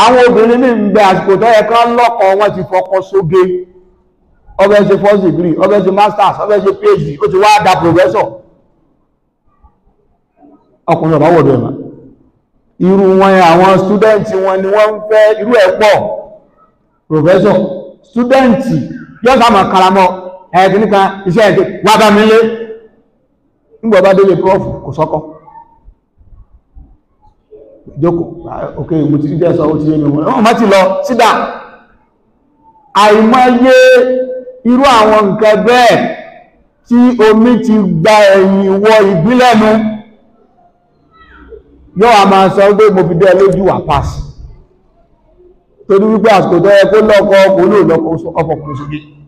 àwọn obìnrin ní ń bẹ àsìkò tó yẹ kán lọ́kọ ti fọkọ sóge ọbẹ̀ ṣe first degree ọbẹ̀ ṣe masters phd ó ti wá dá professor ọkùnrin ọ̀bá wọ̀dọ̀ ẹ̀mà irú wọn àwọn student wọn ni wọ́n ń fẹ́ irú ẹ̀ pọ̀ professor student yóò sá karamọ́ ẹ̀ẹ́dínníkan iṣẹ́ prof kò jókòó ok ìmú ti jẹ́ sọ ó ti yé mi wọ́n wọ́n má ti lọ sídà àìmọye irú àwọn nǹkan bẹ́ẹ̀ tí omi ti gba ẹ̀yìn wọ ìgbílẹ̀nu yóò a máa sọ pé mo fi dẹ́ lójú wà pàṣì torí wípé àsìkò tó kó lọ́kọ ọkùnrin ò lọ́kọ ọkọ̀ ọkùnrin sókè